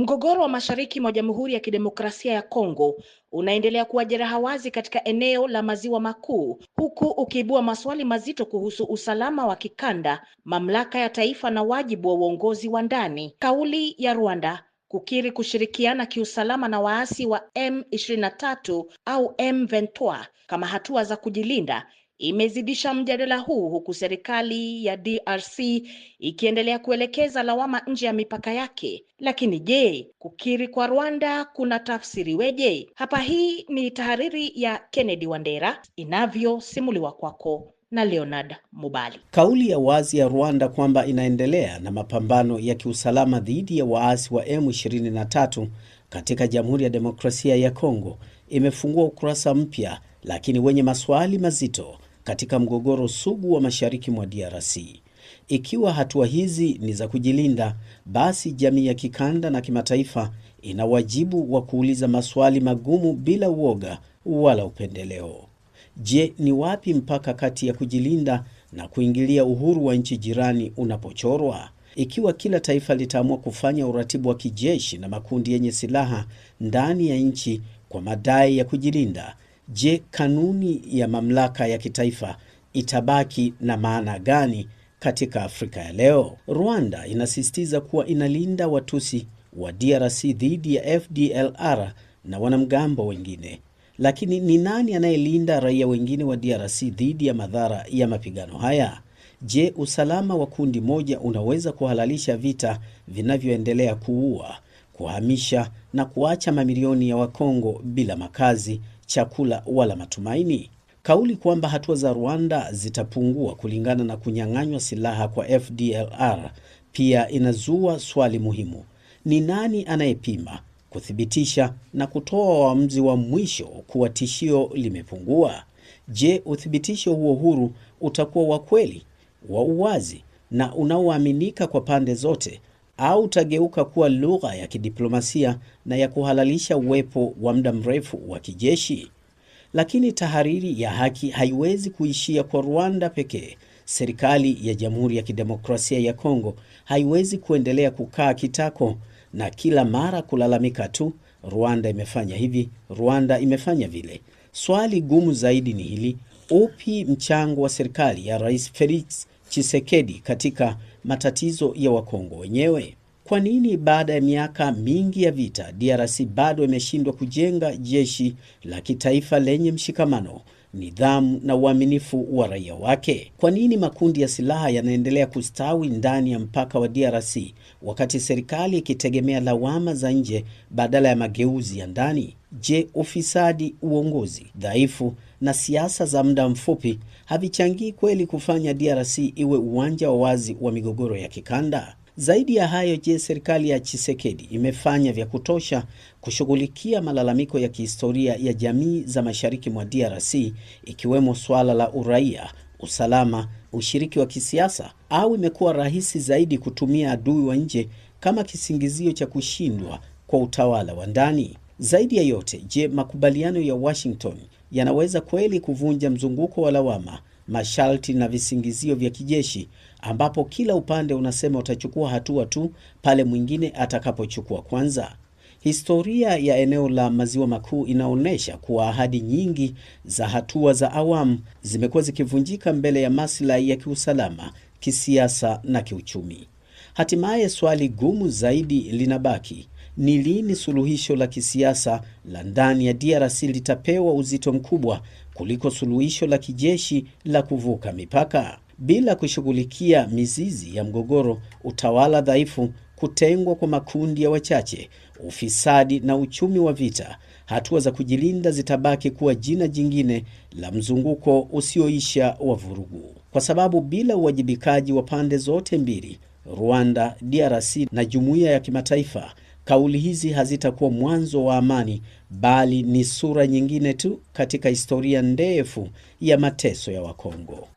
Mgogoro wa mashariki mwa Jamhuri ya Kidemokrasia ya Kongo unaendelea kuwa jeraha wazi katika eneo la Maziwa Makuu, huku ukiibua maswali mazito kuhusu usalama wa kikanda, mamlaka ya taifa na wajibu wa uongozi wa ndani. Kauli ya Rwanda kukiri kushirikiana kiusalama na waasi wa M23 au M23 kama hatua za kujilinda imezidisha mjadala huu huku serikali ya DRC ikiendelea kuelekeza lawama nje ya mipaka yake. Lakini je, kukiri kwa Rwanda kuna tafsiri weje Hapa hii ni tahariri ya Kennedy Wandera inavyosimuliwa kwako na Leonard Mubali. Kauli ya wazi ya Rwanda kwamba inaendelea na mapambano ya kiusalama dhidi ya waasi wa M23 katika Jamhuri ya Demokrasia ya Kongo imefungua ukurasa mpya lakini wenye maswali mazito katika mgogoro sugu wa mashariki mwa DRC. Ikiwa hatua hizi ni za kujilinda, basi jamii ya kikanda na kimataifa ina wajibu wa kuuliza maswali magumu bila uoga wala upendeleo. Je, ni wapi mpaka kati ya kujilinda na kuingilia uhuru wa nchi jirani unapochorwa? Ikiwa kila taifa litaamua kufanya uratibu wa kijeshi na makundi yenye silaha ndani ya nchi kwa madai ya kujilinda, Je, kanuni ya mamlaka ya kitaifa itabaki na maana gani katika Afrika ya leo? Rwanda inasisitiza kuwa inalinda Watusi wa DRC dhidi ya FDLR na wanamgambo wengine. Lakini ni nani anayelinda raia wengine wa DRC dhidi ya madhara ya mapigano haya? Je, usalama wa kundi moja unaweza kuhalalisha vita vinavyoendelea kuua, kuhamisha na kuacha mamilioni ya Wakongo bila makazi chakula wala matumaini. Kauli kwamba hatua za Rwanda zitapungua kulingana na kunyang'anywa silaha kwa FDLR pia inazua swali muhimu: ni nani anayepima, kuthibitisha na kutoa uamuzi wa mwisho kuwa tishio limepungua? Je, uthibitisho huo huru utakuwa wa kweli, wa uwazi na unaoaminika kwa pande zote au utageuka kuwa lugha ya kidiplomasia na ya kuhalalisha uwepo wa muda mrefu wa kijeshi. Lakini tahariri ya haki haiwezi kuishia kwa Rwanda pekee. Serikali ya Jamhuri ya Kidemokrasia ya Kongo haiwezi kuendelea kukaa kitako na kila mara kulalamika tu, Rwanda imefanya hivi, Rwanda imefanya vile. Swali gumu zaidi ni hili, upi mchango wa serikali ya Rais Felix Chisekedi katika matatizo ya Wakongo wenyewe? Kwa nini baada ya miaka mingi ya vita DRC bado imeshindwa kujenga jeshi la kitaifa lenye mshikamano? nidhamu na uaminifu wa raia wake. Kwa nini makundi ya silaha yanaendelea kustawi ndani ya mpaka wa DRC wakati serikali ikitegemea lawama za nje badala ya mageuzi ya ndani? Je, ufisadi, uongozi dhaifu na siasa za muda mfupi havichangii kweli kufanya DRC iwe uwanja wa wazi wa migogoro ya kikanda? Zaidi ya hayo, je, serikali ya chisekedi imefanya vya kutosha kushughulikia malalamiko ya kihistoria ya jamii za mashariki mwa DRC ikiwemo swala la uraia, usalama, ushiriki wa kisiasa au imekuwa rahisi zaidi kutumia adui wa nje kama kisingizio cha kushindwa kwa utawala wa ndani? Zaidi ya yote, je, makubaliano ya Washington yanaweza kweli kuvunja mzunguko wa lawama masharti na visingizio vya kijeshi, ambapo kila upande unasema utachukua hatua tu pale mwingine atakapochukua kwanza. Historia ya eneo la maziwa makuu inaonyesha kuwa ahadi nyingi za hatua za awamu zimekuwa zikivunjika mbele ya maslahi ya kiusalama, kisiasa na kiuchumi. Hatimaye swali gumu zaidi linabaki: ni lini suluhisho la kisiasa la ndani ya DRC litapewa uzito mkubwa kuliko suluhisho la kijeshi la kuvuka mipaka? Bila kushughulikia mizizi ya mgogoro, utawala dhaifu, kutengwa kwa makundi ya wachache, ufisadi na uchumi wa vita, hatua za kujilinda zitabaki kuwa jina jingine la mzunguko usioisha wa vurugu, kwa sababu bila uwajibikaji wa pande zote mbili, Rwanda, DRC na jumuiya ya kimataifa, kauli hizi hazitakuwa mwanzo wa amani, bali ni sura nyingine tu katika historia ndefu ya mateso ya Wakongo.